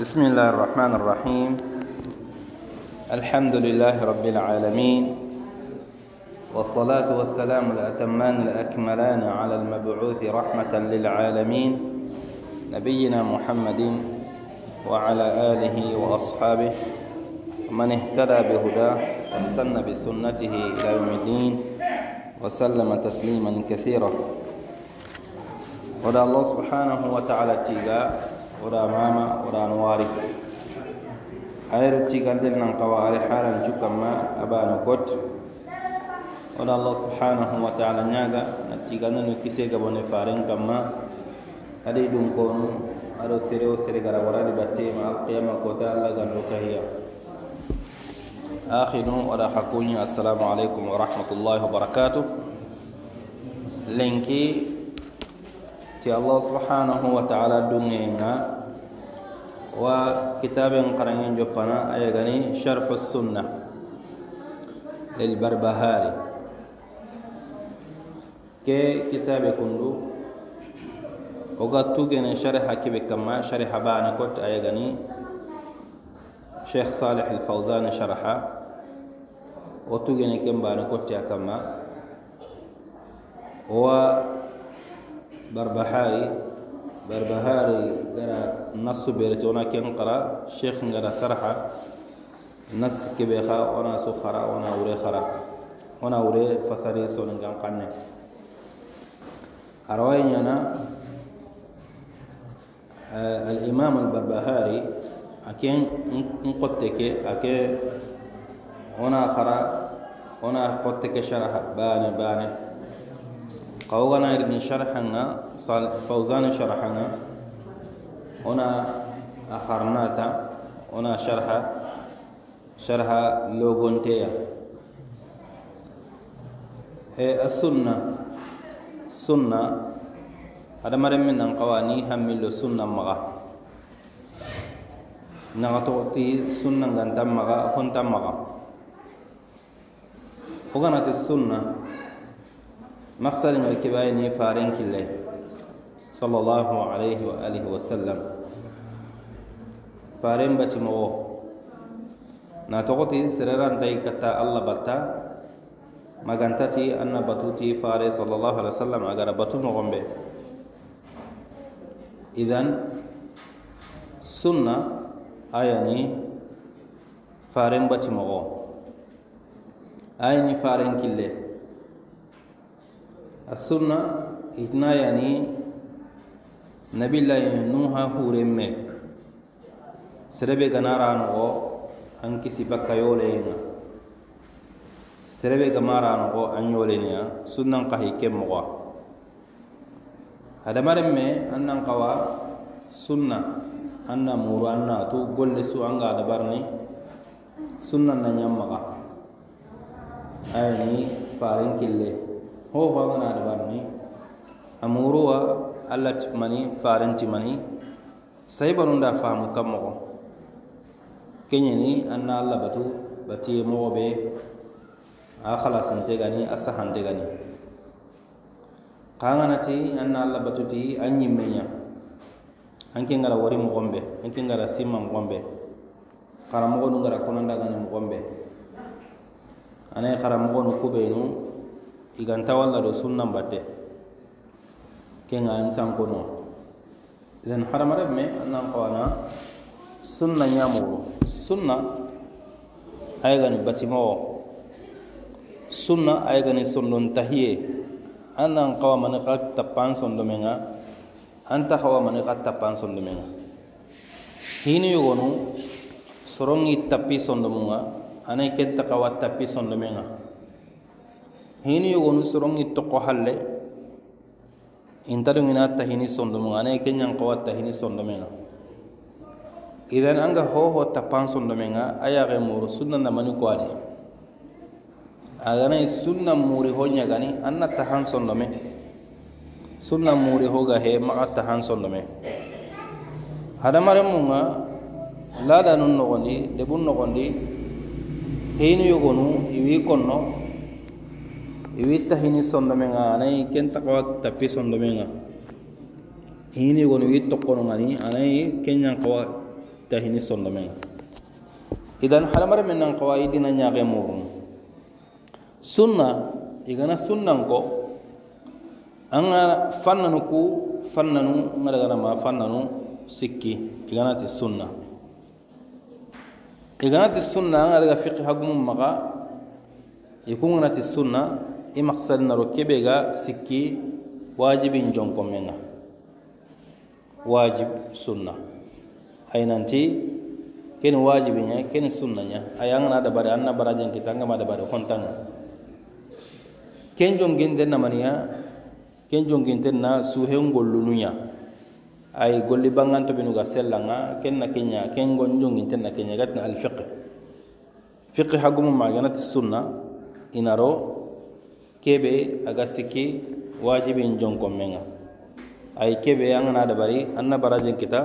بسم الله الرحمن الرحيم الحمد لله رب العالمين والصلاة والسلام الأتمان الأكملان على المبعوث رحمة للعالمين نبينا محمد وعلى آله وأصحابه ومن اهتدى بهداه واستنى بسنته إلى يوم الدين وسلم تسليما كثيرا ودى الله سبحانه وتعالى تيجا oɗa mama oɗano wari aye ruttigandel nan kawa ara haran cukanma abano kot oɗa allah subhanahu wa taala ñaga nattigandel no kise gabone faren kamma aɗa ɗum konu aɗo sere o sere gara warali battema alqiyama kota allah gando kahiya ahinu oɗa hakuñi assalamu aleykum wa rahmatullahi wa barakatuh lenki ti allah subhanahu wa taala dungenga وكتاب قرنين جبنا أيغني شرح السنة للبربهاري كي كتاب كندو وقد توجن شرح كيف كما شرح بانا كنت أيغني شيخ صالح الفوزان شرحه وتوجن كم بانا يا كما هو بربهاري بربهاري جرا نص بيرت وانا كن قرا شيخ جرا سرحة نص كبيخا وانا سخرا وانا وري خرا وانا وري فسري سون جام قنن أروين أنا آه الإمام البربهاري أكين نقطتك أكين هنا خرا هنا قطتك شرح بانه بانه قوغنا ابن شرحنا صالح فوزان شرحنا هنا أخرناتا هنا شرح شرح لوغونتيا السنة سنة هذا مرة من قواني هم من السنة مغا نغتوتي سنة غنتا مغا هنتا مغا وغنات السنة مقصد من كباين فارين كله صلى الله عليه وآله وسلم فارين بتمو ناتوقتي سرران تاي كتا الله برتا مغانتاتي أن بطوتي فاري صلى الله عليه وسلم أغار بطو مغمبه إذن سنة آياني فارين بتمو آياني فارين كله asunna itna yani nabi lai nuha hure me serebe gana rano go an kisi bakka yole na serebe gama rano go an yole niya sunnan kahi kem mo adamare me annan kawa sunna anna muru anna tu golle su anga adabarni sunnan na nyamma ka ayani parin kille ho fangnade banni amuruwa allah timani farentimani sayibanunda faamu kammoxo keñeni anna allah batu batiye moxo ɓe a xalasintegani a sahantegani xanganati anna allah batuti a ñimmeña anke ngara wari moxon ɓe anke ngara simma moxon ɓe xaramoxonu ngara konandagani moxon ɓe anayi xaramoxonu kubeenu iganta walla ɗo sunnan batte kenga an sankono iden hadamaren me annan kawana sunna ñamoro sunna aye gani batima o sunna aye gani sondon tahiye an nan kawa mani ka tappan sondomenga an ta kawa mani ka tappan sondomenga hini yogonu sorongi tappi sondomunga anay kenta kawa tappi sondomenga hini yogonu soroŋi tokko halle intaduŋina tahini sondomu ana i kenyankawa tahini sondomeŋa idan anga hoho tapan sondomeŋa a yaxe muru sunna namani ko adi aganai sunna muri ho ɲagani an na tahan sondome sunna muri ho gahe maxa tahan sondome hadamaren munŋa ladanun noxondi debun noxondi hinu yogonu iwi konno iwitta hini sondomenga anai ken takawa tapi sondomenga hini gonu iwi tokkonongani anai kenyan kawa tahini sondomenga idan halamar menan kawa idina nyage murun sunna igana sunnan ko anga fannanu ku fannanu ngadagana ma fannanu sikki iganati sunna iganati sunna anga daga fiqi hagumum maga ikunganati sunna i maksadi naro kebe ga sikki wajibin jonko men wajib sunna ay nanti kene wajibin ña keni sunna ña aya ngana dabari an na barajen kita ada dabari hontanga ken jonginten namaniya ken den na suhe gollunu ay golli bangan to binuga sellanga ken na kenya ken gon den na kenya al fiqh fiqh hagum ma ganati sunna inaro kebe aga sikki wajibin jonkon menga ay kebe angana dabari anna barajin kita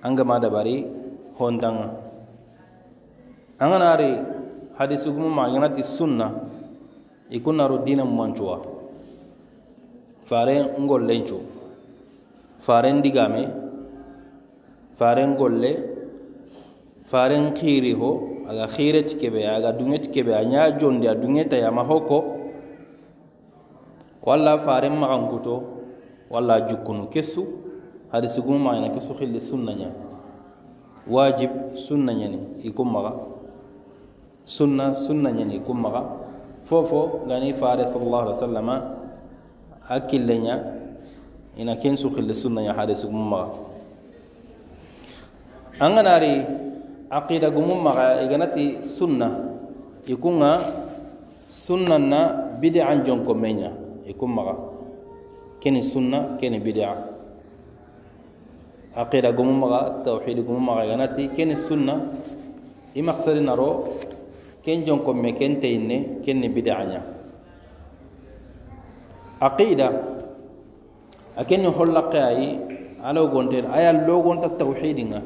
anga ma dabari hontanga anganari hadisu gumu ma ngati sunna ikunaru dina manchuwa fare ngol lencho fare ndigame fare ngolle fare khiri ho aga khire tikebe aga dunget kebe anya jondi adungeta ya mahoko walla faren maxankuto walla jukkunu kessu hadisi gumu maxana kesu xilli sunna ña wajib sunna ñani i kun maxa sunna sunna ñani i kun maxa fo fo gani fare salallahu alih wa sallama a kille ña ina ken su xilli sunna ña hadisi gumu maxa an ganari aqida gumun maxa iganati sunna i kunga sunnan na bidian jonkomeña i kun maga keni sunna keni bidia aqida gumu maga tawhid gumu maga ganati keni sunna i maqsadi naro ken jonkomme ken teyinne kenni bidiaña aqida a kenni hollaqe ayi alaw gonten aya logonta tawhidinga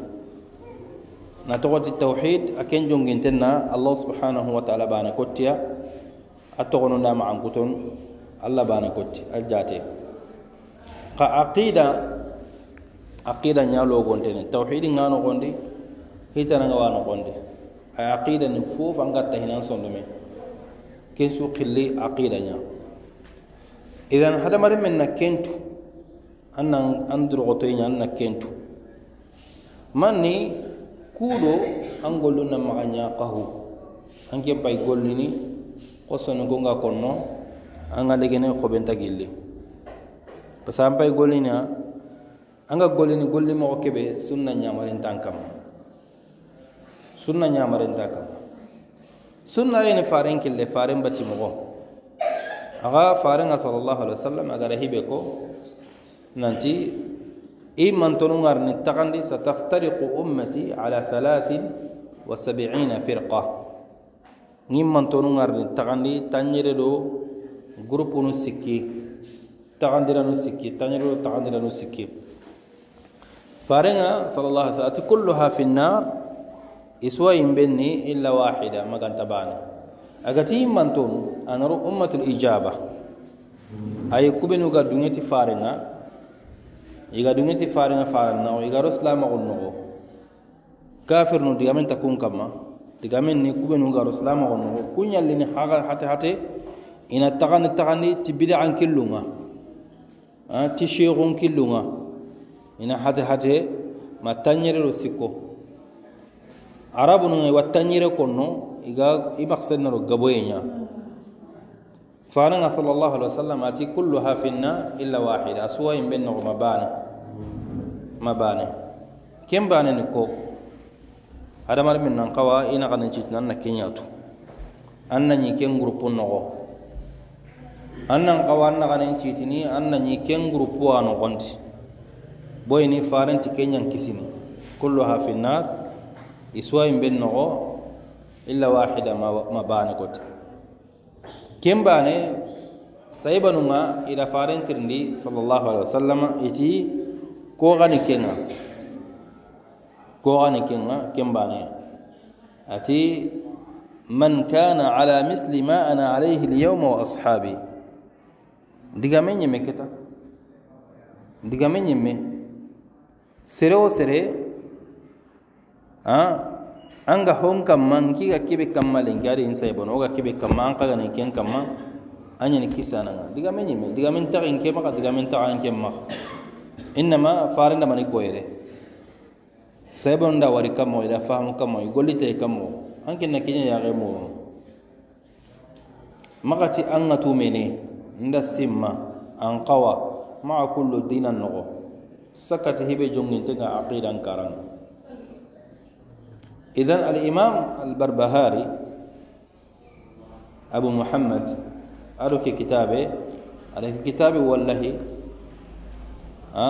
na togoti tawhid a ken jonginten na allah subhanahu wa taala bana kottiya a togonunda ma an kuton allah bana kotti al jate ka aqida aqida ñalogontene tawhidi ga nogondi hitananga wa nogondi ay aqida ni fof anga tahinan sondume ken su qilli aqida nya idan hadamaren men na kentu annan an durgotoyiña nya na kentu man ni kuuɗo an gollu na maxa ña qahu an ken pay gollini qosoningonga konno anga ga legene kobenta gilli parce que an pay gollina an golli mo keɓe sunna ñamarentan tankam sunna ñamarenta tankam sunna yene faren kille faren bati mo go aga faren salallahu alih wa sallam agara hiɓe ko nanti i mantonungarni taxandi sataftariqu ummati ala halatin wa sabina firqa ŋin mantonungarni taxandi tanñere do groupe nu sikki taxandiranu sikki tañirulu taxandiranu sikki farenga sallallahu alaihi wasallam kulluha fi nnar iswa imbenni illa wahida maganta bana agati mantun anaru ummatul ijaba ay kubenu ga dungeti farenga iga dungeti farenga faranna iga roslama gonnogo kafir nu digamen takun kamma digamen ni kubenu ga roslama gonnogo kunyallini haga hate hate ina tagani tagani ti bidan killunga ti sheikhun killunga ina hate hate ma tanyerero sikko arabu nunga wa tanyere konno iga i maksad naro gaboyeña fananga sallallahu alaihi wasallam ati kulluha finna illa wahida asuwa imbe nogo mabane mabane ken bane ni ko hadamar min nan kawa ina kanan citina an na kenyatu an na ñi ken groupe nogo an nan kawa an naganen citini an na ñi ken groupe a noxonti boy ni farenti ke ñang kisini kulluha fi nnar isuwayin ben noxo illa waxida ma bane kote ken bane saybanunga ida farentirindi salallahu alaihi wasallam iti ko xani kenga ko xani kenga ken baneya ati man kana ala mithli ma ana alayhi alyawma wa ashabi ndigame nyime kita ndigame nyime sere wo sere ah, an ga hon kamma nki ga kebe kamma lenki adi insa ibono wo ga kebe kamma an kaga nen ken kamma an yani kisananga ndigame nyime ndigame ntaga nke maka ndigame ntaga nke maka innama farenda mani koyere saibon da wari kamo ida fahamu kamo golite kamo anke na kenya yare mo magati an ga tumene nda simma an qawa ma'a kullu dinan nogo sakati hibe jongintenga aqidan karan idan al-imam al-barbahari abu muhammad aɗo ke kitabe aɗa ke kitabe wallahi a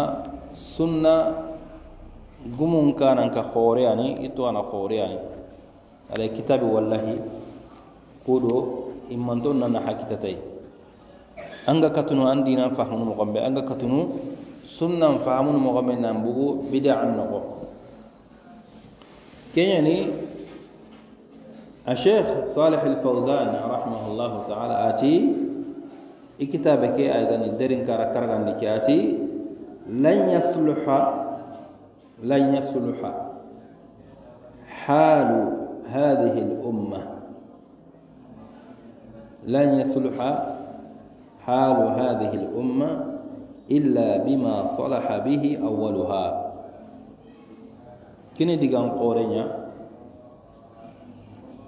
sunna gumun kanan ka hoore ani itto ana hoore ani aɗa kitabe wallahi kuɗo immanton nana hakkitatayi anga katunu an dinan fahamunu mogonɓe anga katunu sunnan fahamunu mogonɓe nan bugu bidaan nogo keñani a cheikh salih alfawsan rahimahullahu taala ati i kitabe ke aygani derin kara kargandi ke ati lan yasluha lan yasluha halu hadihi l umma lan yasluha حال هذه الأمة إلا بما صلح به أولها كني ديغان قورينا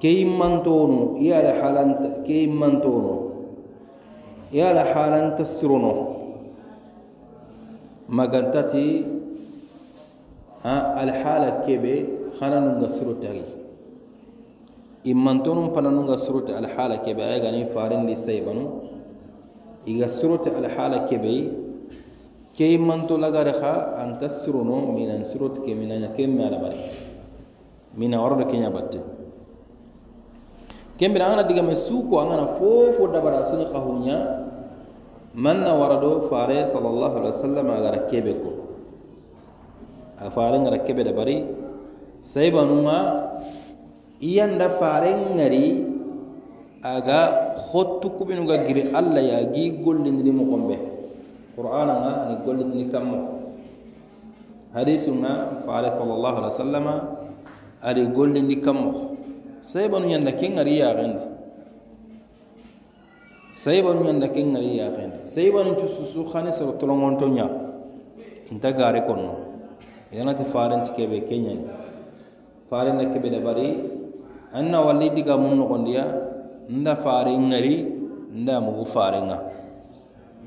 كي منتونو يا لحالن كي منتونو يا لحالن تسرونو مغنتتي الحالة كبه خنانو غسرو تاري إمانتونو فنانو غسرو الحالة كبه أغاني فارن لسيبانو iga suroti alhaala kebei kei manto lagare xa anta sirono minan suroti ke minaña kemme alabari mina warodo keña batte kembira angana digame suuko angana fofo dabara suni xahuña manna warado fare sallallahu alaihi wasallam agara kebe ko a fare ngara kebe da bari sai banuma iyanda fare ngari aga hottu kuɓenuga giri allah ya gi gollindini mogon ɓe qur'ana ga ni gollindini kammo hadisu ga faale sallallahu alih wa sallama ari gollindi kammo saybanu yanda ke gari yaxendi saybanu yanda ke gari yaxendi saybanu cu susu xani soro tolongonto nyaa inta gaari konno yanati farenti keɓe keñani farenna keɓe dabari an na walli diga mun noxondiya nda faren ngari nda mugu farenga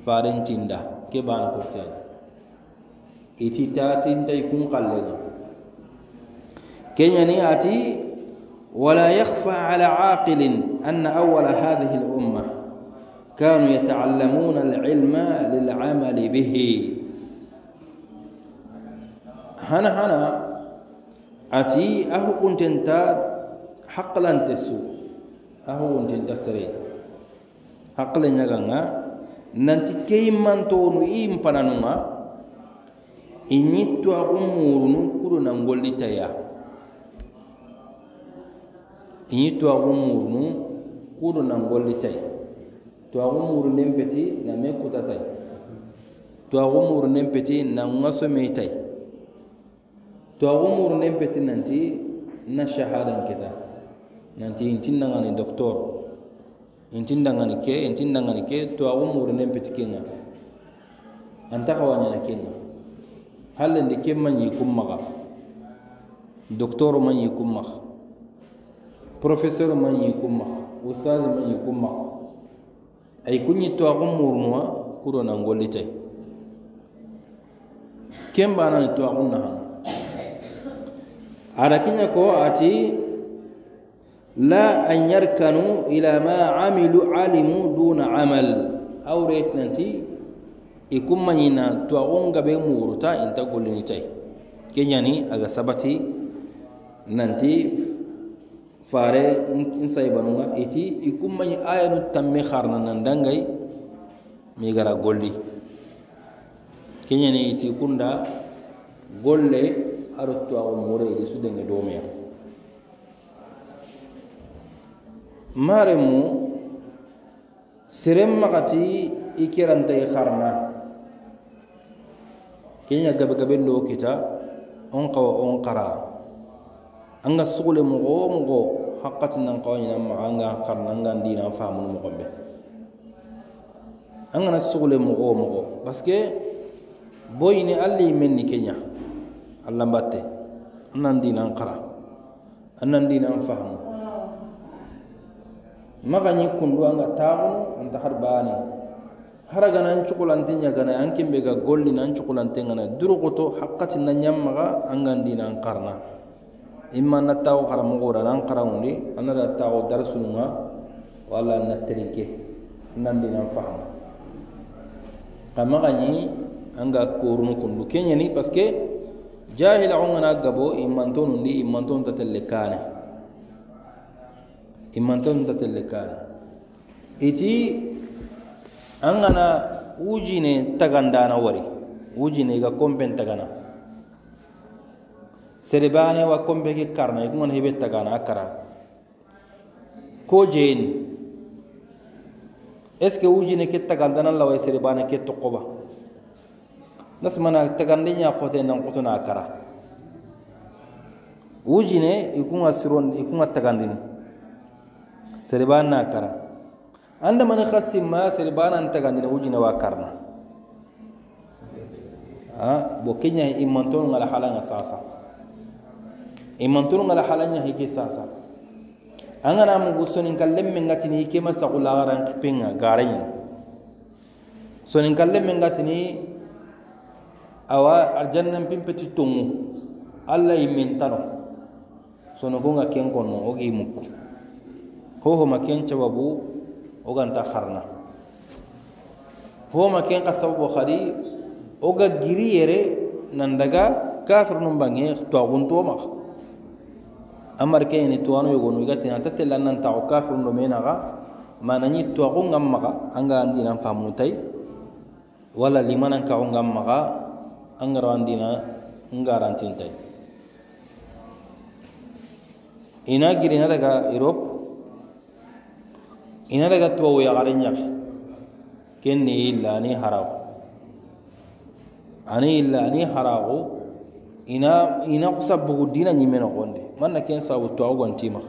faren tinda ke bana kottani iti tatintai kun kallega kenyani ati ولا يخفى على عاقل أن أول هذه الأمة كانوا يتعلمون العلم للعمل به هنا هنا أتي أهو كنت أنت حقلا تسوء aho wontinta sere hakkile ñaganga nanti kei murunu na ngollitaya iñi twaku murunu kudo na ngollitay twaku murunen na me na nanti na shahadan kita nanti inti nanga ni ke ni ke to awo murinen peti kenga anta kawañana hal hallende ke mañi kummaxa docteur professor kummaxa professeur mañi ustaz ustage mañi kummaxa ay kuñi to axu murnuwa nangoli ngollitay ken banani to awu naxan ada kiña ko ati لا أن يركنوا إلى ما عملوا علموا دون عمل أو ريتنتي يكون مهنا توأونغ بمورتا إن تقول نتاي كينياني أغا سبتي ننتي fare in saybanunga iti i kummañi ayanu tamme xarna nandangay mi gara golli iti kunda golle aɗo tuwaxo mure idi sudenge maremu serem makati ikirantai kharna kenya gabe gabe ndo kita on qawa on qara anga sugule mugo hakat haqqatin nan qawni nan ma anga kharna anga ndina famu mugo mo anga na sugule mugo mugo parce que boyni alli menni kenya allah batte nan dinan qara nan dinan famu magani kundu anga ga taxunu anta har baane haraganan cukulante ñagana an kimbe ga gollina an cukulante ngana duruxuto haqqatinna ñammaxa an gandina an xarna imma na taxu xaramoxoda nan xarangundi a nada taxu darsununga wala na terinke nandinan faxama xa maxañi an ga korunu kundu ke ñani parce que jahila xongana gabo immantonundi tatelle kaane immantoonni tattelle kaana iti an gana ujine tagandana wari ujine ga kompen tagana serebane wa kompe ke karna ikungan hebe tagana akara ko jeni est ce que ujine ke tagandana lawa e serebane ke tokoba nasmana tagandi nya khote nan khotuna akara ujine ikunga siron ikunga tagandini serbaana kara anda mana khassi ma serbaana antagandina wujina wa karna bo keñahi immantonu ngala halanga sasa immantonu ngala halanya hike sasa angana mugu sonin kallen men gatini ikema sagu lagaran kipenga gareñina sonin kallen men gatini awa arjannan pimpeti allah alla yimmin tano sono kunga ken kono ogi hohoma ken cababu wo ganta harna homa ken ka sababo hadi wo ga giri yere nan daga kafir num bange twaxuntoma amar ke ini tuwanu yogonu igati nanta tella nan taxo kafir ndo menaxa manañi twaxu ngam maxa anga andinan famuntay walla limanan kaxu ngam maxa angaro andina ngarantintay ina girina daga europe ina daga tuwa ya garin yafi ken ne illa ni harago ani illa ni harago ina ina kusa bugu dina nyime na gonde man na ken sabu tuwa gonti ma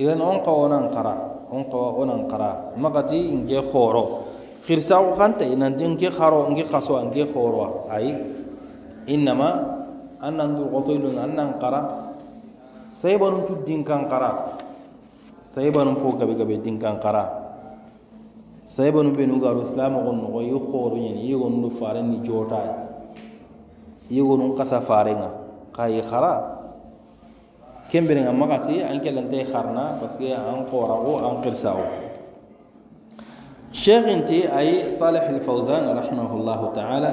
idan on qawa nan kara on qawa onan qara magati inge khoro khirsa ko kanta ina dinge kharo inge qaso inge khoro ai innama annan du qotulun annan kara sai banu tuddin kan qara sayibanu ko kabe kabe dinkan kara sayibanu be nu garu islam ko no yi khoru nyen yi gon lu fare ni jota yi gon kasa fare nga kai khara kembere nga magati an kelante kharna parce que an qora ko an qirsawo شيخ انتي اي صالح الفوزان رحمه الله تعالى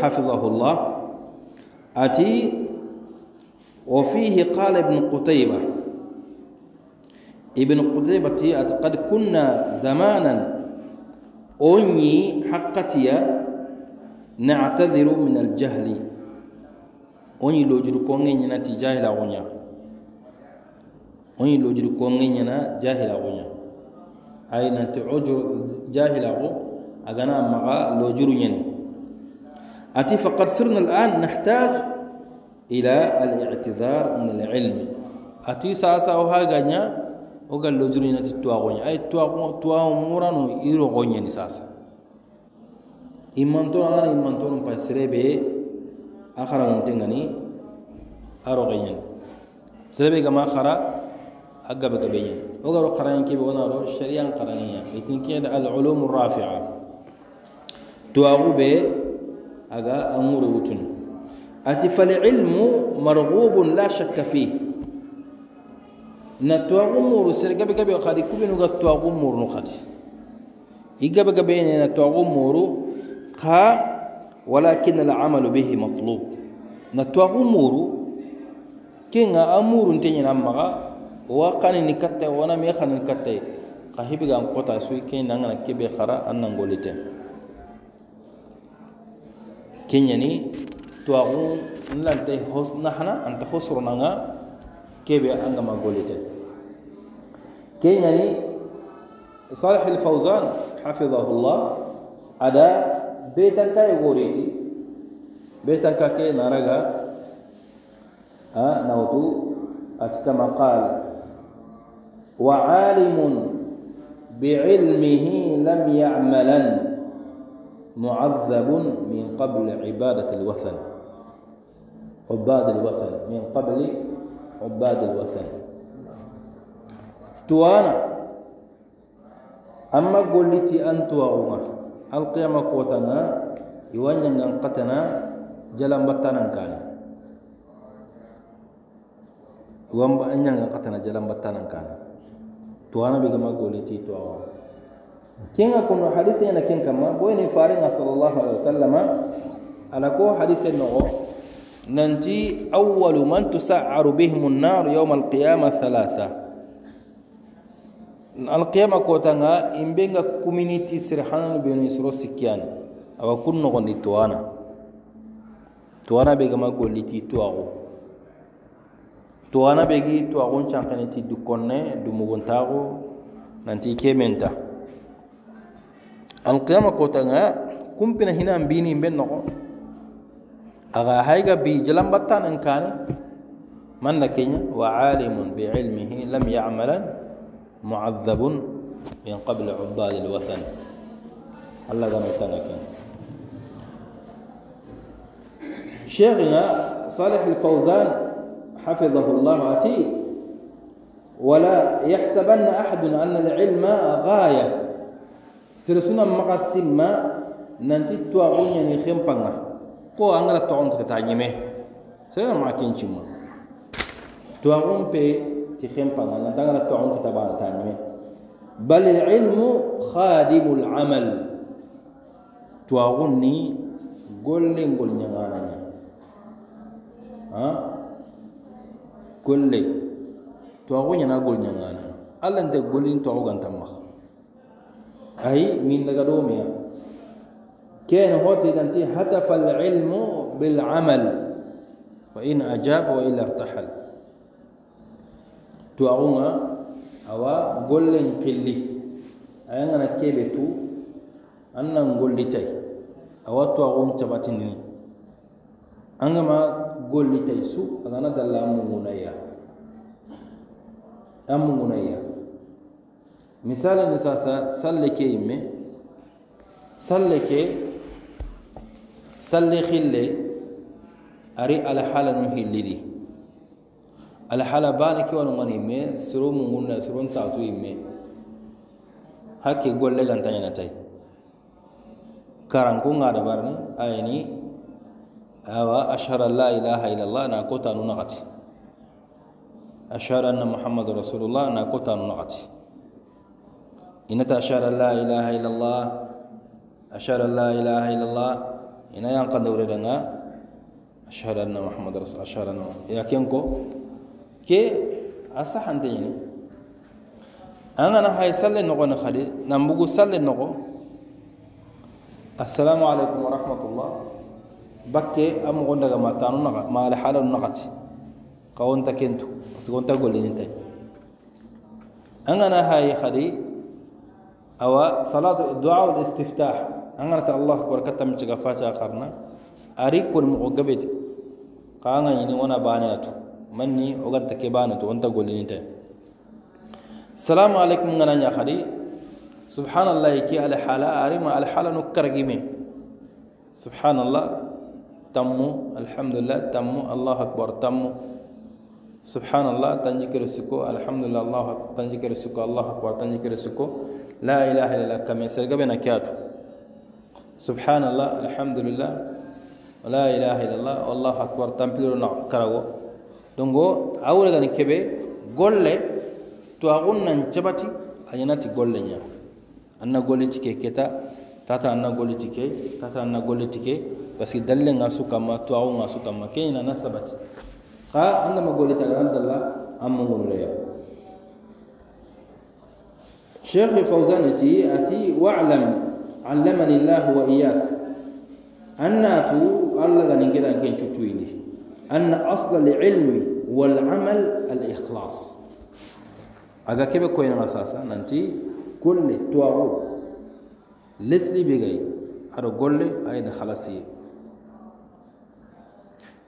حفظه الله اتي وفيه قال ابن قتيبه ابن قتيبة قد كنا زمانا أني حقتي نعتذر من الجهل أني لو جركوني نينا تجاهل أغنيا أني لو جركوني نينا جاهل أغنيا أي ننتي عجر جاهل أغو أغنى مغا لو نينا أتي فقد صرنا الآن نحتاج إلى الاعتذار من العلم أتي ساسا وها o ga lojuru inati tuwaxoñe ay tuwaxo muranu i roxoñeni sasa immantono angana immantono pa serebe a xaramuntengani a roxeñeni serebe gama xara a gabe gabe ñen o garo xarañen kebe wona ro sharian xarañeña itin kexede al ulumu rafia tuwaxu be aga a ŋure wutunu ati fal ilmu margubun la shakka fih na twaqumuru sergabagabe qadi kubinuga twaqumurnu qadi igabagabenena twaqumuru qa walakin alcamalu bihi matlub na twaqumuru kenga amurunteñena maxa wa xanini katta wonami xanini kattaye xa hibigan kota suy keñi kebe xara an nangoliten keñani twaxu nlante nahana anta hosronanga كيف أنا ما قولت كي يعني صالح الفوزان حفظه الله على بيتن كاي غوريتي بيتن كاي نارغا ها نوتو أتكما قال وعالم بعلمه لم يعملا معذب من قبل عبادة الوثن عباد الوثن من قبل Tuana Amma guliti antua umah Al-Qiyamah kuatana Iwanyang yang katana Jalan batanan kali Tuan banyang yang katana Jalan batanan Tuana bila ma guliti itu awam Kenapa kau nak hadis yang nak kau alaihi wasallam. Alaku hadis yang nanti awwalu man tusa'aru bihim an-nar yawm al-qiyamah thalatha al-qiyamah kotanga imbenga community sirhanan benu isro sikyana awakun no gondi tuana tuana bega magoliti tuago tuana gi tuago chankane ti dukonne dumugontago nanti kementa al-qiyamah kotanga kumpina hinan bini imben no aga hayga biijilan battan كان manna kenya وعالم بعلمه لم يعمل معذب من قبل عباد الوثن الله دم تنك شيخنا صالح الفوزان حفظه الله أتي ولا يحسبن أحد أن العلم غاية سرسونا مقسم ننتي تواغنيا نخيم ko angara togon ko ta nyime sera ma kin chimma to agun pe ti khem pa na ta dangala togon ko ta ba ta nyime bal al ilmu khadimul amal to agun ni golle gol nyangana nya ha golle to agun na gol nyangana allah nde golin to agun tamma ai min daga do me كان هوتي دانتي هتف العلم بالعمل وإن أجاب وإلا ارتحل توعونا أو قلن قلي أنا كيبتو أنا نقول تاي أو توعون تباتني أنا ما قول تاي سو أنا دلا مغنيا أم مغنيا مثال نساسا سلكي مي سلكي salli khille ari alhala nu hillidi alhala bani ke wanu ngani me suru mungunna surun tatu imme hakke golle ganta yana tai karanku ngada barni ayani awa ashhadu an la ilaha illallah na kota nu nagati ashhadu anna muhammadar rasulullah na kota nu nagati inata ashhadu an la ilaha illallah ashhadu an la ilaha illallah ina kan yankande wuredanga ashhadu anna muhammad rasul ashhadu anna ya ken ko ke a sahante ni an gana hay salle no nogoni hadi nan bugu salle no ko assalamu alaikum wa rahmatullah bakke a mogon daga matanu naga maala halalu nagati ka wonta kentu parce golle ni tay an gana hay hadi awa salatu du'a wal istiftah angarta allah gor katam ciga fata karna ari mu ogabe ti kanga ini wana bani atu manni oganta ke bani to onta golini golinita assalamu alaikum ngana nya khadi subhanallah ki al hala ari ma al hala no kargime subhanallah tammu alhamdulillah tammu allah akbar tammu سبحان الله تنجيك subhanallah tanjikere siko alhamdulillah allah tanjikere siko allah akbar tanjikere siko la ilaha illallah kame sergabe na kyatu سبحان الله الحمد لله ولا إله إلا الله والله أكبر تنبيل كرغو دونغو أول غني كبه golle to agun nan cabati ayanati golle nya anna golle tike keta tata anna golle tike tata anna golle tike parce que dalle nga su kama to agun nga su kama kenya na sabati ka anga ma golle ta garan dalla amma ngure ya شيخ فوزان تي اتي واعلم علمني الله وإياك أناتو الله غنجد أن تويني أن أصل العلم والعمل الإخلاص أجا كيف كوين أساسا ننتي كل تواو لسلي بيجي أرو قول أين خلاصي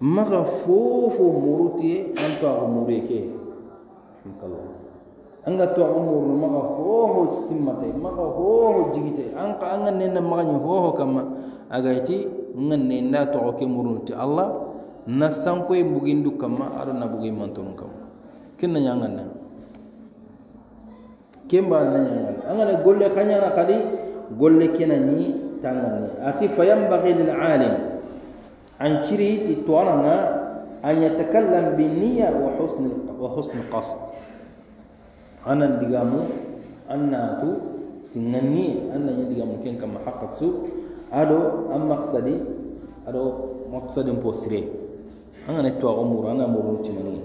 مغفوف مرتي أنت أموريك الله anga to amuru maga hoho simmate maga hoho jigite anka anga nena maga nyi hoho kama agaiti ngan nenda to ke murunti allah na sanko e bugindu kama aro na bugi mantun kama kinna nyanga na kemba na nyanga anga na golle khanya na kali golle kina ni tangani ati fayambaghi lil alim an chiri ti twananga an yatakallam bi niyya wa husn wa husn qasd أنا ديجامو أنا تو تنني أنا يديجامو كين كم حق تسو ألو أم مقصدي ألو مقصدي مبصري أنا نتوا أمور أنا مورون تمني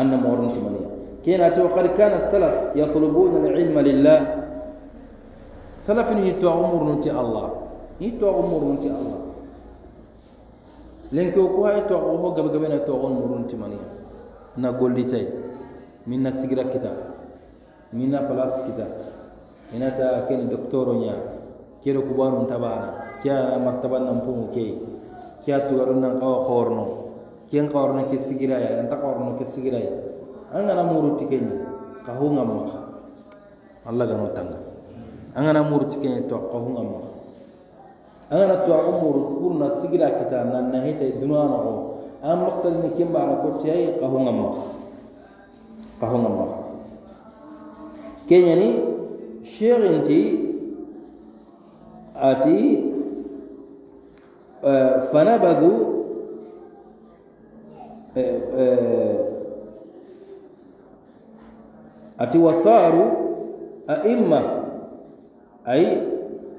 أنا مورون تمني كين أتوا قد كان السلف يطلبون العلم لله سلف نتوا عمر نتي الله نتوا عمر نتي الله لينكو كواي تو هو غبغبنا تو عمر نتي مني نقول لي تاي mina sigira kita mina palas kita inata keni doctoro ña keɗo kubanum tabana kea martaban nan pumu key kea tugaru nan kawa horno ken kawarno ke sigiraya anta kawarno ke sigiraya an gana muruti keña ka hungan maxa allah gano tanga an gana muruti keña to ka hungan maxa an gana to kurna sigira kita nan nahita dunua noxo an maxsadini ken bana ko teyai ka hungan Kenyanyi syair ini arti ah, eh, fernabu eh, eh, arti wasaru aima ay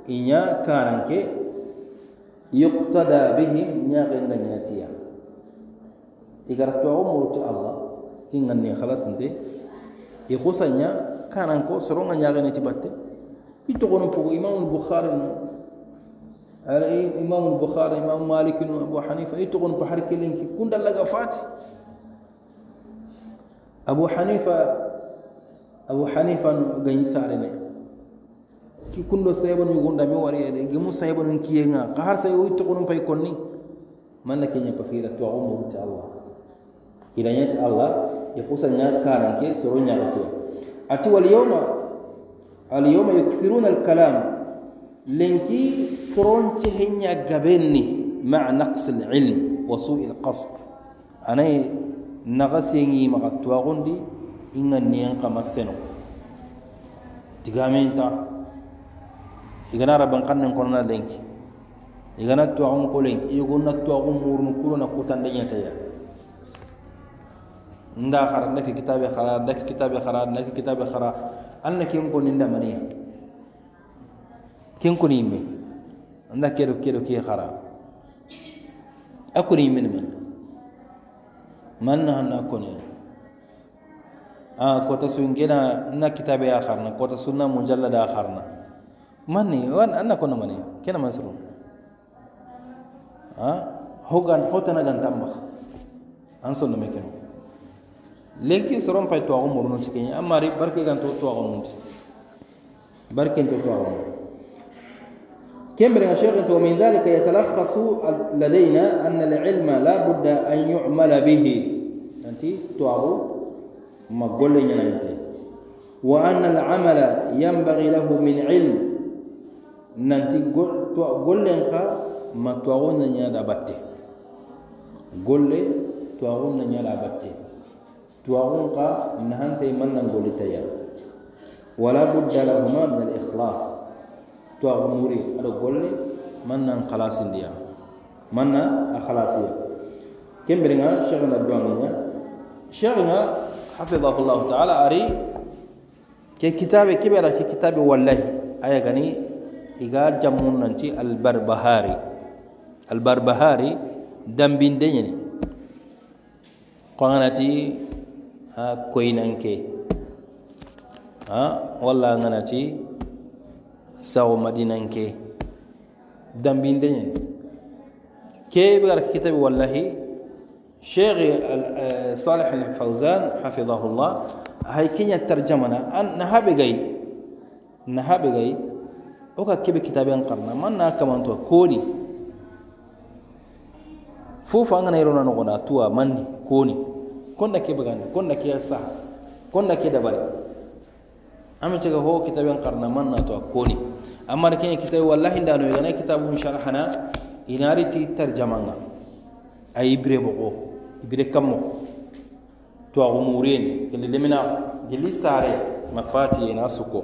Inya karena key yqtada bihi nyakendanya tiang. Jika Allah tinganni halasinte i e husanya kananko soronga ñaganeti batte i togono pogo imam bukhari no imam bukhari imam malik no abu hanifa i togono po har kunda laga fati abu hanifa abu hanifa no gañi sarene ki kundo sayibanu yugunda mi wari ede gemu sayibanu kiyenga ka har sayi oyi togono pay konni manna kenya parce que ida tuwaxo moruti allah ilanyaci allah ya yakusanya karanke soronyagatiya ati al yawma yukthiruna soron lenki hinya gabenni maa naqsi ilm wa sui alqasd anaye naga sengi magatwa twagundi inga niyan kama seno digamenta igana rabban kannen konona lenki igana twagun ko lenki igunna twagun kutan dinya tayya nda khara ndaki kitabe khara ndaki kitabe khara ndaki kitabe khara anna kenko ninda maniya kenko ni me anda kedo kedo ke khara akuni min man man hanna kone a kota sungena na kitabe ya kharna kota sunna mujallada ya kharna mani wan anna kona mani kena masru ha hogan hotana gantamma an sonu mekeno lenki soron pay toaxo murunu sikkeñi a ah, mari barke ganto toaxo munti barkento toaxo mun كمبرين الشيخ ومن ذلك يتلخص لدينا أن العلم لا بد أن يعمل به أنت تعو ما قلنا وأن العمل ينبغي له من علم ننتي قلنا ما تعون نيا دابته قل تعون نيا دابته توارون قا إن هنتي من نقولتيا ولا بد لهما من الإخلاص توارموري ألو قولي من نخلاص ديا من يا كم بينا شغلنا دوامنا شغلنا حفظه الله تعالى أري ككتاب كبيرة ككتاب والله أيا غني إيجا جمون ننتي البربهاري البربهاري دم بين ديني قناتي ها koynanke ha wala nganati saw madinanke dambinde nyen ke bar kitab wallahi شيخ آه، صالح الفوزان حفظه الله هاي كينيا ترجمنا أن نهابي غي نهابي غي أوكا كيبي كتابين قرنا ما كمان توا كوني فوفا أنا يرونا نغنا توا مني كوني ke bagandi konnake saha konnake dabare ami ga ho qarna man na to a koni amma da kenya kitabi wallahi ndano igana kitabu sharhana inariti tarjamanga ayi ibre bogo ibre kammo to a gumuren gele lemina geli sare mafati ina suko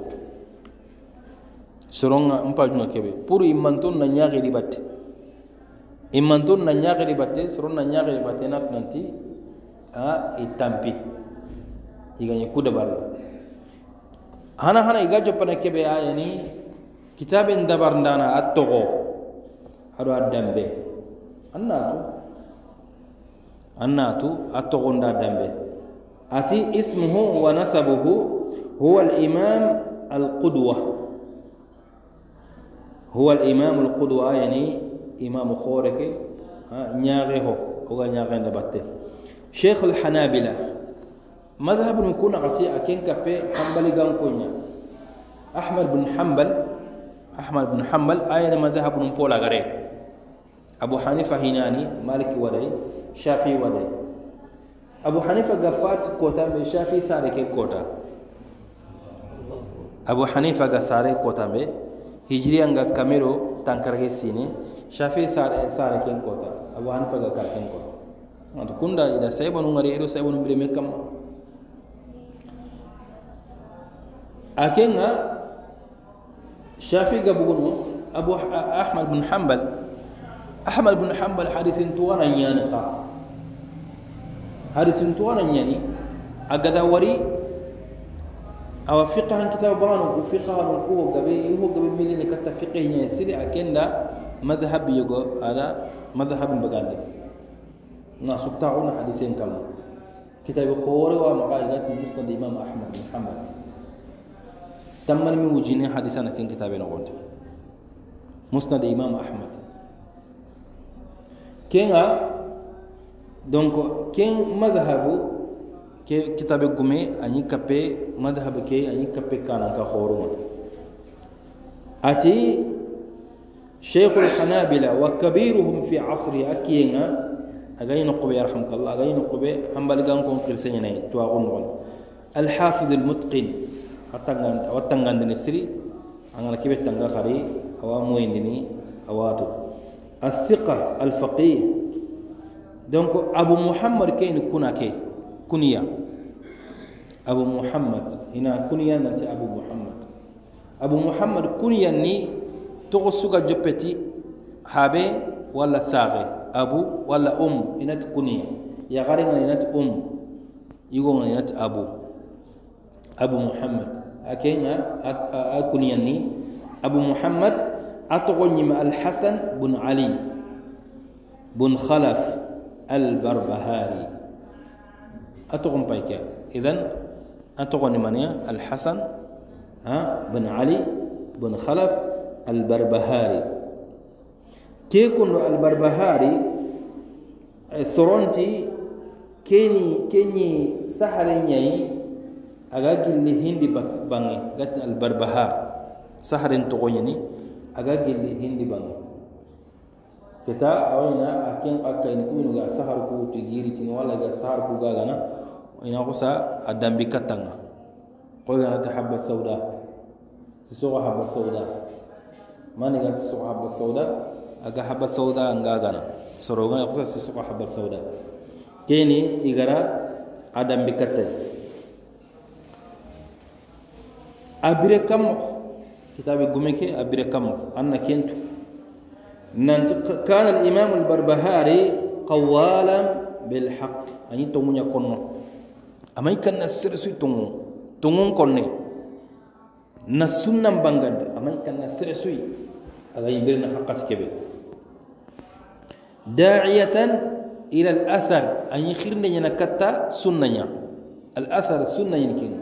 soronga mpa juna kebe puru imanton na nyaagiri batte imanton na nyaagiri batte suron na nyaagiri batte na tunanti itampi iganye kudabarla hana hana iga joppana keɓe ayani kitaben dabar ndana a togo aɗo a dambe an natu an natu a togonda dambe ati ismuhu wa nasabuhu huwa alimam alqudwa huwa alimamu alqudwa ayani imamu horeke ñaxe ho oga ñaxenda batte sheikh alhanabila madhhab nu kuna ati aken kape hambali gankonya ahmad bin hanbal ahmad bin hanbal ayana madhhab nu pola gare abu hanifa hinani maliki wadai shafi wadai abu hanifa gafat kota be shafi sare ke kota abu hanifa ga sare kota be hijriya nga kamero tankarage sine shafi sare sare ken kota abu hanifa ga kaken kota atu kunda ida saybanu ngari ido saybanu bire mekam akenga shafi ga bugono abu ahmad bin hanbal ahmad bin hanbal hadisin tuwana nyani ka hadisin tuwana nyani agada wari awa fiqhan kitab bano ku fiqhan ku ho gabe ho gabe milene katta fiqhi nyani siri akenda madhhab yogo ala madhhab bagande ناسكتا عنا حديثين كلا كتاب خوري من مسند الإمام أحمد بن حنبل تمن من وجيني حديثنا كين كتابنا قلت مسند الإمام أحمد كينا دونك كين مذهب كتاب قمي أني كبي مذهب كي أني كبي كان كخورون أتي شيخ الحنابلة وكبيرهم في عصر أكينا أغاين قبي رحمك الله أغاين قبي هم بلغان كون قرسين ينين تواغون غون الحافظ المتقن واتنغان دني سري أنا كيف تنغا خري أو موين دني أواتو الثقة الفقيه دونك أبو محمد كين كنا كي كنيا أبو محمد هنا كنيا ننتي أبو محمد أبو محمد كنيا ني تغسوك جبتي هابي ولا ساغي abu walla um inati kuniya yagari ngana inati um yigo ngana inati abu abu muhammad akenya a kuniya ni abu muhammad a togo ñima alhasan bun ali bun khalaf albarbahari a togon pay ke idan a togoni mania alhasan bun ali bun khalaf albarbahari kekundo albarbahari e soronti keni keni sahare nyai aga gilli hindi bange gati albarbahar saharen togoñani aga gilli hindi bange keta akin akka ini akkayni ga sahar ku tigiritini wala ga sahar ku gagana ina kusa katanga dambi kattanga ta habba sauda sisogo habba sauda mani maniga sisogo habba sauda aga habba sauda angagana soronga yakusa sisuko habba sauda keni igara adam bikatte abire kamo kitabe gumeke abire kamo anna kentu nanti kana al-imam al-barbahari qawalan bil haqq ani tongunya konno amai kanna sirsu tongu tongun konne na sunnan banganda amai kanna sirsu aga ibirna haqqat kebe داعية إلى الأثر أن يخرن ينكتا سنة الأثر سنة ينكين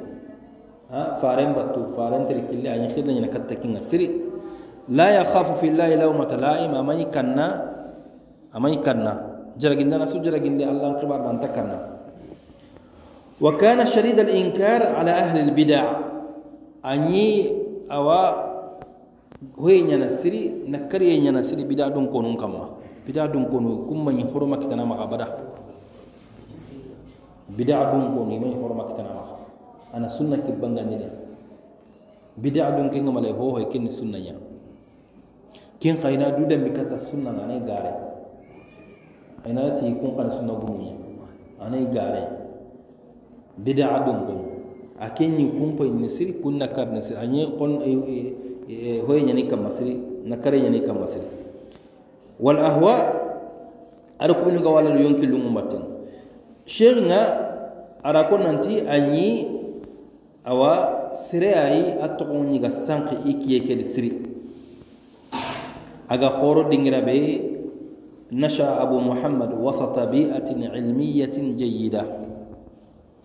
ها فارن بطو فارن تلك اللي أن يخرن ينكتا كين السري لا يخاف في الله لو متلائم أما كنا أما كنا جرقين دانا سو جرقين دي الله انقبار بان تكنا وكان شديد الإنكار على أهل البدع أني أوا هو ينسري نكري ينسري بدع دون كونون كما bida dun kono kumma yin horma kitana maka bada bida dun kono yin horma kitana maka ana sunna ke banga bida dun kin ga malai hoho kin sunna ya kin kaina duda mi kata sunna na ne gare aina ti kun kana sunna gumu ya anai gare bida dun kono akin yi kumpa ni siri kun kar ni siri anyi kon hoye nyani kam masiri nakare nyani kam masiri والأهواء أركب إنه قال له يوم كل يوم ماتن شيخنا أراكون أنتي أني أو سري أي أتقوني كسانق إيكي كده سري أجا خورو دينغرا بي نشأ أبو محمد وسط بيئة علمية جيدة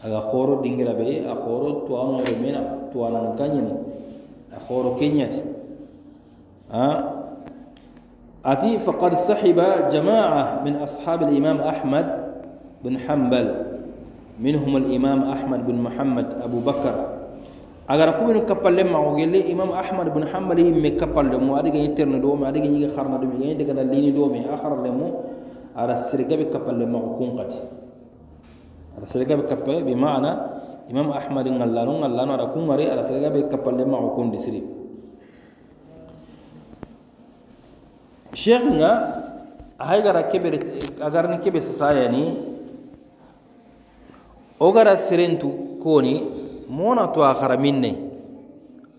أجا خورو دينغرا بي أخورو توانو رمينا توانو كنين أخورو كينيت ها أه؟ أتي فقد سحب جماعة من أصحاب الإمام أحمد بن حنبل منهم الإمام أحمد بن محمد أبو بكر agara kubinu kapalle maxo gelle imam ahmad bun hanbali yimme kapalle mu adiga ñi terne doome adiga ñiga xarna doome gañi degana lini doome a xarale mu ada sirgabe kapalle maxo kun xati ada sirgabe kappe bi mana imam ahmad ngallano ngallano ada kun ngari ada sirgabe kapalle maxo kun disiri cheikh nga hay gara keɓere a garani keɓe sasayani o gara serentu koni mona to a xara min ne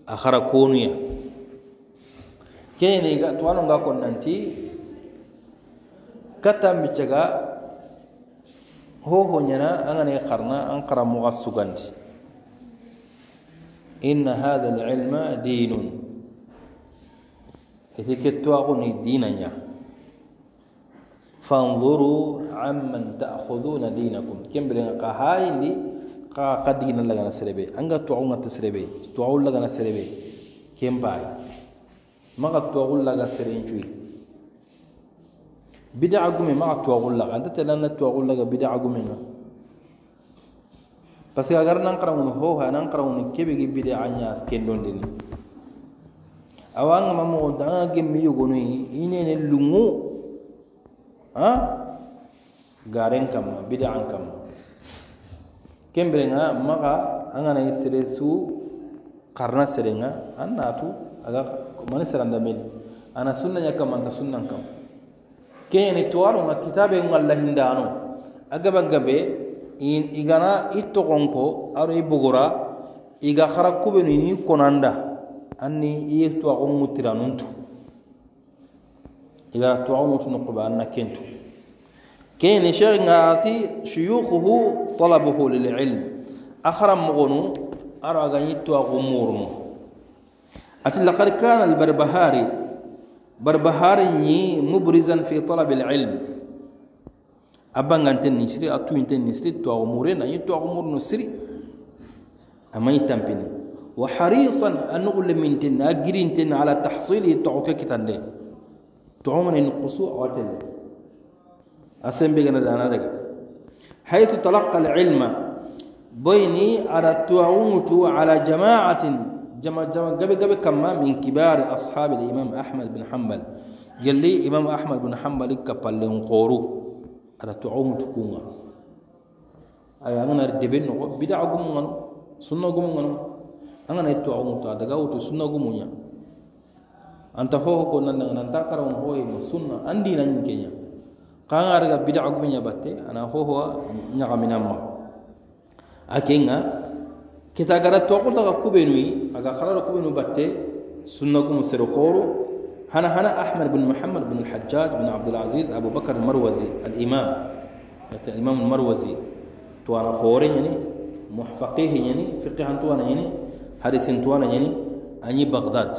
a xara konuya kene nga towano nga kon nanti katambi caga hoho ñana a ngane xarna an xara moxa suganti inna hada alilma dinun itiketwaxuni diinanya fanzuru amman ta'khuduna dinakum kembirenga ka hayindi ka kadigina lagana serebe anga tuwaxunga ta serebe tuwaxu lagana serebe kembaya maxa tuwaxu laga serencuyi bidaca gume maxa tuwaxu laga anta telana tuwaxu laga bidaca gumenga parce que agara nan qarawunu hoha nan qarawunu kebegi bidaca ñas kendondini Awa ma da awanga mamogo danga gemme yogonu ne lungu ha garen kamma bid'an kamma Maka maga angana sere su karna serenga annatu aga mani seranda meli ana sunna nya kamma anta sunnan kam kene tuwaro nga kitabe ngalla hindano agaba gabe in igana itogonko aro ibugura iga khara kubenu ni konanda أني إيه توعم ترانونتو إذا توعم تنقب أن كنتو كين شيخ نعاتي شيوخه طلبه للعلم أخرم مغنو أرغني توعمورمو أتل لقد كان البربهاري بربهاري مبرزا في طلب العلم أبان أنت نسري أتو أنت نسري توعمورين أي توعمور نسري أما يتمبني وحريصا أن نقول من تن أجرين تن على تحصيله تعوك كتنه تعومن القصوع لي أسم بيغنا دانا دك حيث تلقى العلم بيني على تعومت على جماعة جماعة جماعة قبل قبل كما من كبار أصحاب الإمام أحمد بن حنبل قال لي إمام أحمد بن حنبل كبلن قورو على تعومت كونا أي أنا ردبن بدعكم سنة من an gana to awu to daga wutu sunna gumunya anta ho ko nan nan ta karon hoye ma sunna andi nan kenya kan arga bid'a gumunya batte ana ho ho nya gamina ma akenga kita gara to ko daga kubenui aga khararo kubenu batte sunna gumu sir khoro هنا هنا أحمد بن محمد بن الحجاج بن عبد العزيز أبو بكر المروزي الإمام الإمام المروزي توانا خوري يعني محفقيه يعني فقه توانا يعني هذه سنتوانا يعني أني بغداد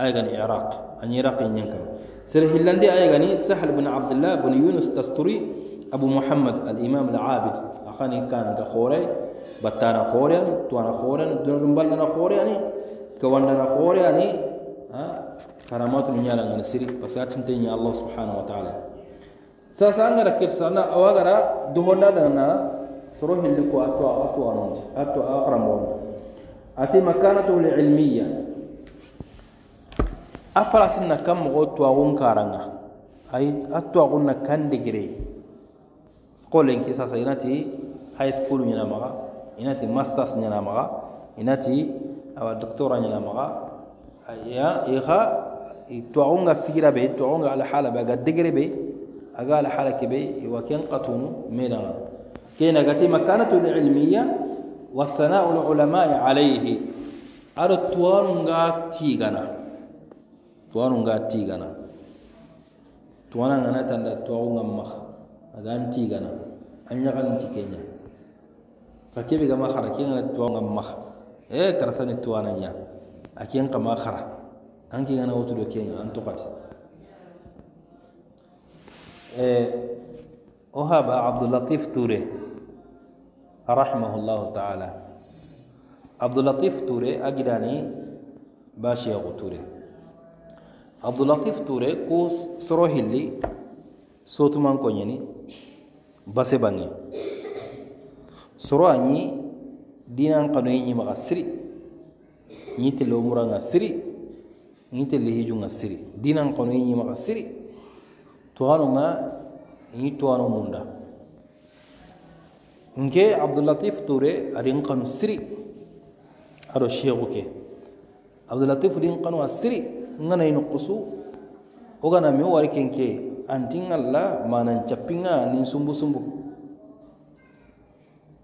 أيضا العراق أني عراق ينكر سر هلندي أيضا يعني سهل بن عبد الله بن يونس تستوري أبو محمد الإمام العابد أخاني كان عند خوري بتانا خوري توانا خوري دون رمبل لنا خوري يعني كواننا خوري يعني ها آه، كرامات من يالا عن يعني السري بس أتنتين يا الله سبحانه وتعالى سأسأنا كيف سأنا أواجرا دهونا لنا سروه اللي كو أتوا أتوا أتوا أقرب نونج ate makanatahu lilmiya a palasin na kan mogo twaxun karanga ay a twaxun na kan degré ki sasa inati high school ñanamaxa inati masters ñanamaxa inati awa doctora ñanamaxa aya ixa twaxunga sigira be twaxunga alhala be aga degré be aga alhala kebe iwa ken qatunu medanga kenagati makanatu lilmiya wa thana'u ulama'i alayhi ado tuwanu nga tigana tuwanu nga tigana tuwana ngana tanda tuwawu nga maha agan tigana an yagan tikenya ka kebe ga mahara ke ngana tuwawu nga maha e karasa ni tuwana nya aken ka mahara an ke ngana wutu do kenya an tukati e o haba abdul latif ture rahimahullahu ta'ala abdulatif ture agidani bashiyagu ture abdulatif ture ku soro hilli sotuman koñeni base bange soro a ñi dinan kanoyi ñimaxa siri ñi telle omuranga siri ñi telle hijunga siri dinan kanoyi ñimaxa siri tuwanuma ñi tuwano munda nke Abdullatif ture adin kanu siri ado shehu ke abdulatif din kanu asiri ngana ino kusu ogana mi wari kenke antin alla cappin chappinga ni sumbu sumbu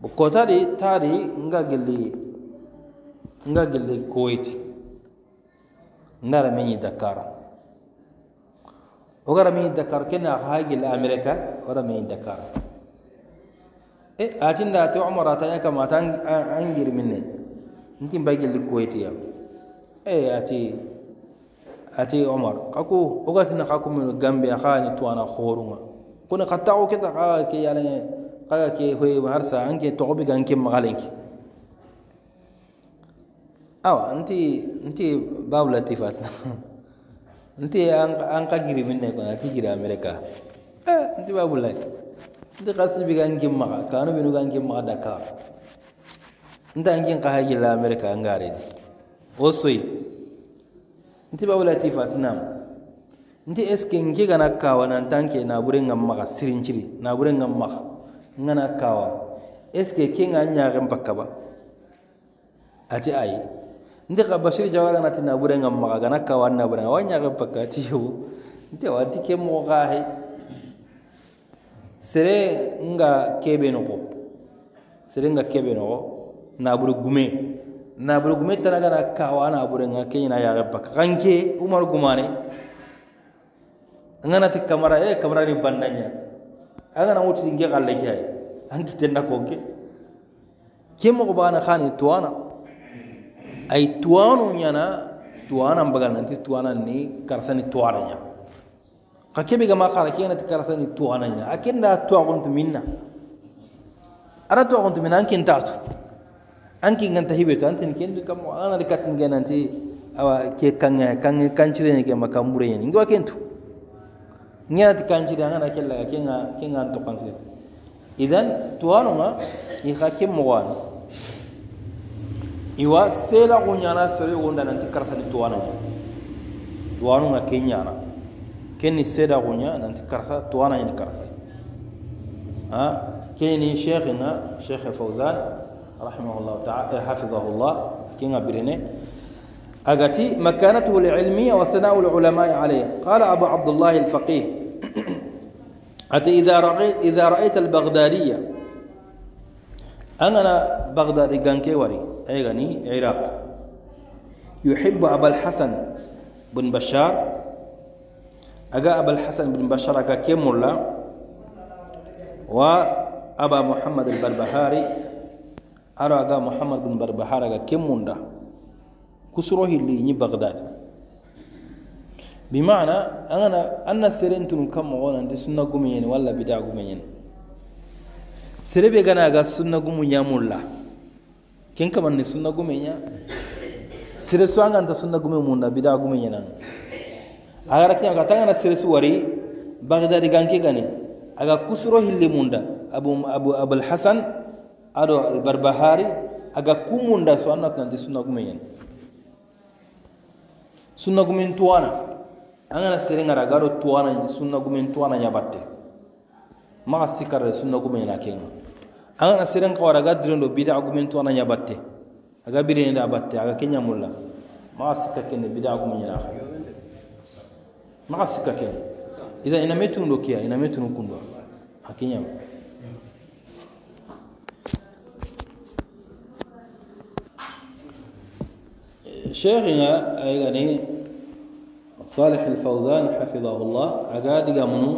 Bukko ta bukota di tari nga gelli nga gelli kuwait nara menyi dakar ogara menyi dakar kena hagi la amerika ora yi dakar e eh, atin da ta umara ta yaka mata an girmin ne nkin bai gilli kuwaiti ya e ati ati umar kaku ogati na kaku min gambe a khani tuwana khorunga kuna khatta o kita ka ke yalan kaga ke hoye harsa an ke tobi ga nkin magalinki awa nti nti babu latifat nti an ka girmin ne kuna ti gira amerika eh nti babu latifat nti bi ga ngin maka kanu binu ga ngin maka dakar nta ngin ka hagi la amerika ngare di osoi nti ba wala tifat nam nti eske ngi ga nakawa nan tanke na buren ngam maka sirin ciri na buren ngam maga ngana kawa eske ke nga nya ga mbakka ba ati ai nti ka bashir jawaga na tina buren ngam maga ga nakawa na wa nya ga mbakka ti yo nti wa ti ke mo ga hai sere nga kebe nogo sere nga kebe nogo naburu gume naburu gume tana gana kawa nabure nga ke ina yaga baka kanke umar gumane ngana ti kamara e kamara ni bandanya anga na wuti nge galle kai an na konke ke mo bana khani tuana ay tuano nyana tuana mbaga nanti tuana ni karsani tuana nya kakebe kebe ga makala kena ti karasa ni tuwananya akenda tuwakuntu minna ada tuwakuntu minna ankin tatu ankin ganta hibetu antin kendu kamu ana likatin gena nanti awa ke kanga kanga kanchire ne ke makambure ne ngi kentu ngiya ti kancire ngana kella ga kenga kenga to kancire idan tuwano ma i hakke i iwa sela gunyana sore gonda nanti karasa ni tuwananya tuwano nga kenyana كني سيدا غنيا نانت كرسا توانا ين كرسا ها كني شيخنا شيخ فوزان رحمه الله تعالى آه، حفظه الله كينا برهني أغتي مكانته العلمية وثناء العلماء عليه قال أبو عبد الله الفقيه أتي إذا رأيت إذا رأيت البغدادية أنا بغدادي كانكي وري أي غني عراق يحب أبا الحسن بن بشار aga abal hasan bin bashar aga ke mulla wa aba muhammad al barbahari ara aga muhammad bin barbahari aga ke munda kusuro hilli ni bagdad bimana angana anna serentun kam mo wonande sunna gumiyen walla bida gumiyen serebe gana aga sunna gumu nyamulla ken kamanni sunna gumiya sere so anganta sunna gumu munda bida gumiyen agarakiyamka tangana seresu wari bagdadi ganke gani aga kusuro hilli munda abu abu abul hasan ado barbahari aga kumunda so anna kanti sunna kumenyen sunna kumen tuwana angana serengara garo tuwana sunna kumen tuwana nyabatte maka sikara sunna kumen akenga angana sereng kawara gadrendo bid'a kumen tuwana nyabatte aga birende abatte aga kenya mulla maka sikakene bid'a kumen nyara maka sika kero ida ina metun do kia ina metun kundo akinya شيخنا أيغني صالح الفوزان حفظه الله أقاد منو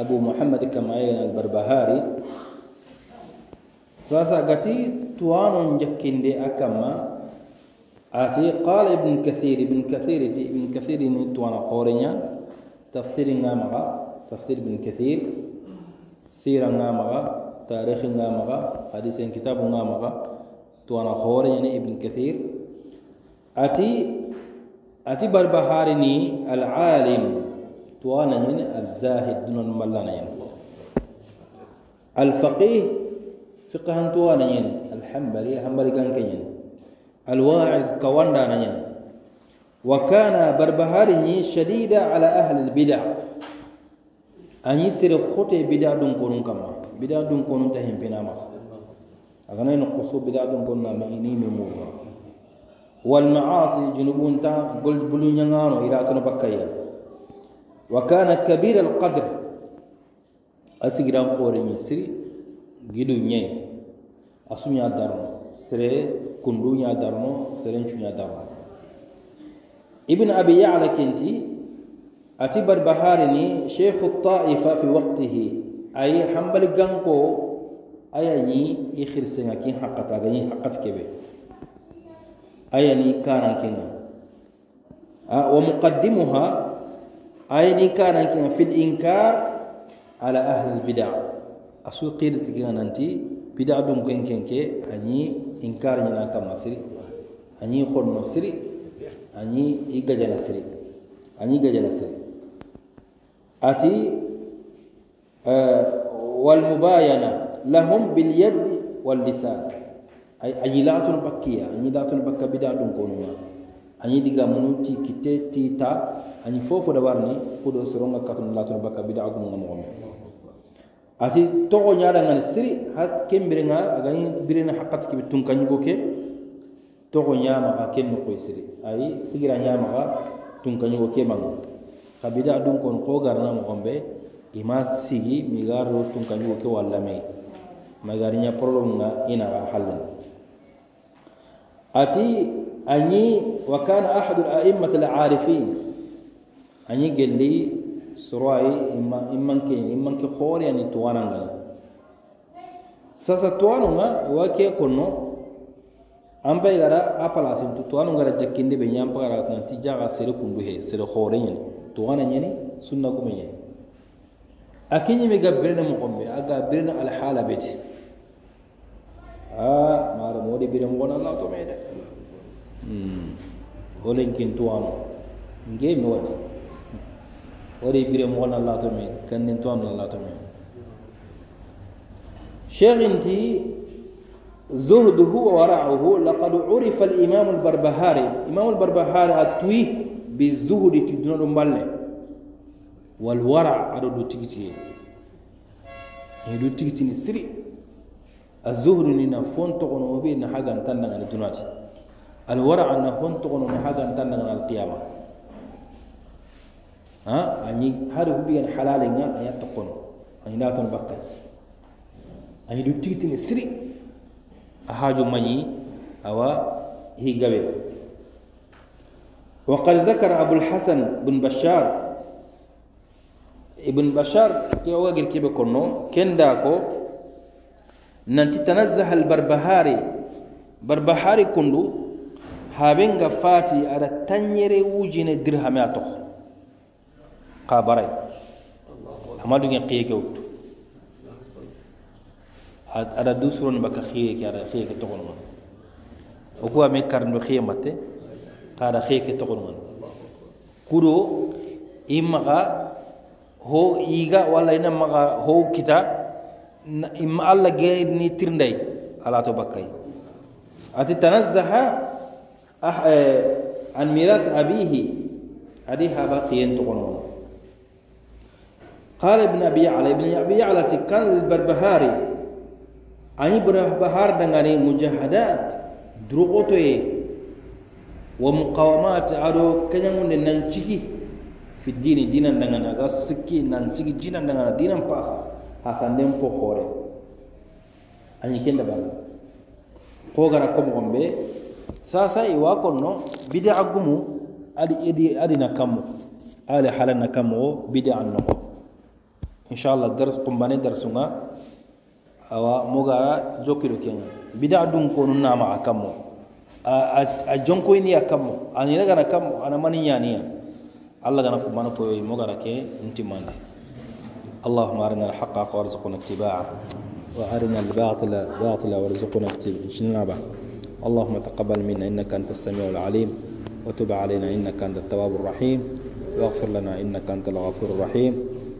أبو محمد كما البربهاري ساسا قتي توانو نجكين دي أكما آتي قال ابن كثير ابن كثير ابن كثير نتو أنا قورنيا تفسير نامغا تفسير ابن كثير سيرة نامغا تاريخ نامغا حديث كتاب نامغا تو أنا يعني ابن كثير آتي آتي بربهارني العالم تو أنا من الزاهد دون الملانين يعني. الفقيه فقه تو أنا يعني. الحنبلي الحنبلي كان كين يعني. الواعظ كواندا نين وكان بربهاري شديدا على أهل البدع أن يسر خطي بدع دون كون كما بدع دون كون تهم ما أغنى نقصو بدع دون كوننا اني ممورا والمعاصي جنوبون تا قل بلون ينانو إلى تن بكيا وكان كبير القدر أسيقران فوري سري جدو نيه أسمي دارو سري كندون يا دارنو سرنجون يا دارنو ابن أبي يعلى كنتي أتبر بهارني شيخ الطائفة في وقته أي حمبل جانكو أي ني إخر سنكين حقت أي حقت كبير أي ني كان كنا ومقدمها أي ني كان كنا في الإنكار على أهل البدع أسوق قيدتك أنتي bida dum ken ken ke anyi inkar nyana ka masiri anyi khonno siri anyi igajana siri anyi gajana siri ati wal mubayana lahum bil yad wal lisan ay ajilatun bakkiya anyi datun bakka bida dum ko nyuma anyi diga munu ti kite ti ta anyi fofo da warni kudo soronga katun latun bakka bida ko ngam ngam ati togo ñaada ngani siri ha ken birenga agani birena hakkati kebe tunkanñugo ke togo ñamaxa ken nokoy siri ayi sigira ñamaxa tunkanñugo ke manga ka bida dun kon ko garana moxonbe ima sigi migaro tunkanñugo ke wallamei magariña problème nga inaxa xalluna ati anyi wa kana ahadul al aimmat al arifin añi gelli soro ayi imanke imanke hore ani tuwana ngani sasa tuwanu nga wake kono amba igara apalasin tu tuwanu ngara jakinde be nyampa gara nanti jaga sere kundu he sere hore nyani tuwana nyani sunna kuma nyani akinyi me gabbirna mukombe aga birna alhala beti a mara modi biram gona Allah to meda hmm holen kin tuwanu ngemi wati o de bire mo na lato me kan nin to na lato me sheikh inti زهده ورعه لقد عرف الإمام البربهاري الإمام البربهاري أتوي بالزهد تدون مبالة والورع على دو تيجي دو تيجي نسري الزهد نينا فون تقون وبين حاجة تندع على الدنيا الورع نفون تقون حاجة تندع على القيامة ha ani hari hubiyan halalen ya ayat taqon ani naton bakka ani du tigitini siri ahaju mani awa higabe وقد ذكر أبو الحسن بن بشار ابن بشار كي أوغر كي بكونو كن داكو ننتي تنزه البربهاري بربهاري كندو هابنغا فاتي على تنيري وجين درهم يا تخو قابري عمل دين قيك وقت هذا دو سرون بك خيك هذا خيك تقول من وقوا مي كارن دو خيك مات هذا خيك تقول من كرو إما غا هو إيغا ولا إنما غا هو كتا إما الله جاي ني ترندي على تو بكاي أتي تنزها أح آه، عن ميراث أبيه أديها باقيين تقول من Qala Ibn Abi Ya'la Ibn Abi Ya'la kan berbahari Ani berbahar dengan mujahadat Drukotoye Wa muqawamat ado kenyamun nan ciki Fi dini dinan dengan agas siki nan siki jinan dengan dinan pasa Hasan dem pokore Ani kenda bala Ko gara ko Sasa iwa konno bid'a agumu adi adi adi nakamu, ala halan nakamu bid'a nakammo ان شاء الله درس قمباني درسنا او موغا زوكيرو كين بدا دون كون نما اكمو جون كوين يا كمو اني لا لغنا كمو انا ماني يعني الله غنا قمبانو كوي موغا كي انت ماني اللهم ارنا الحق وارزقنا اتباعه وارنا الباطل باطلا وارزقنا اجتنابه اللهم تقبل منا انك انت السميع العليم وتب علينا انك انت التواب الرحيم واغفر لنا انك انت الغفور الرحيم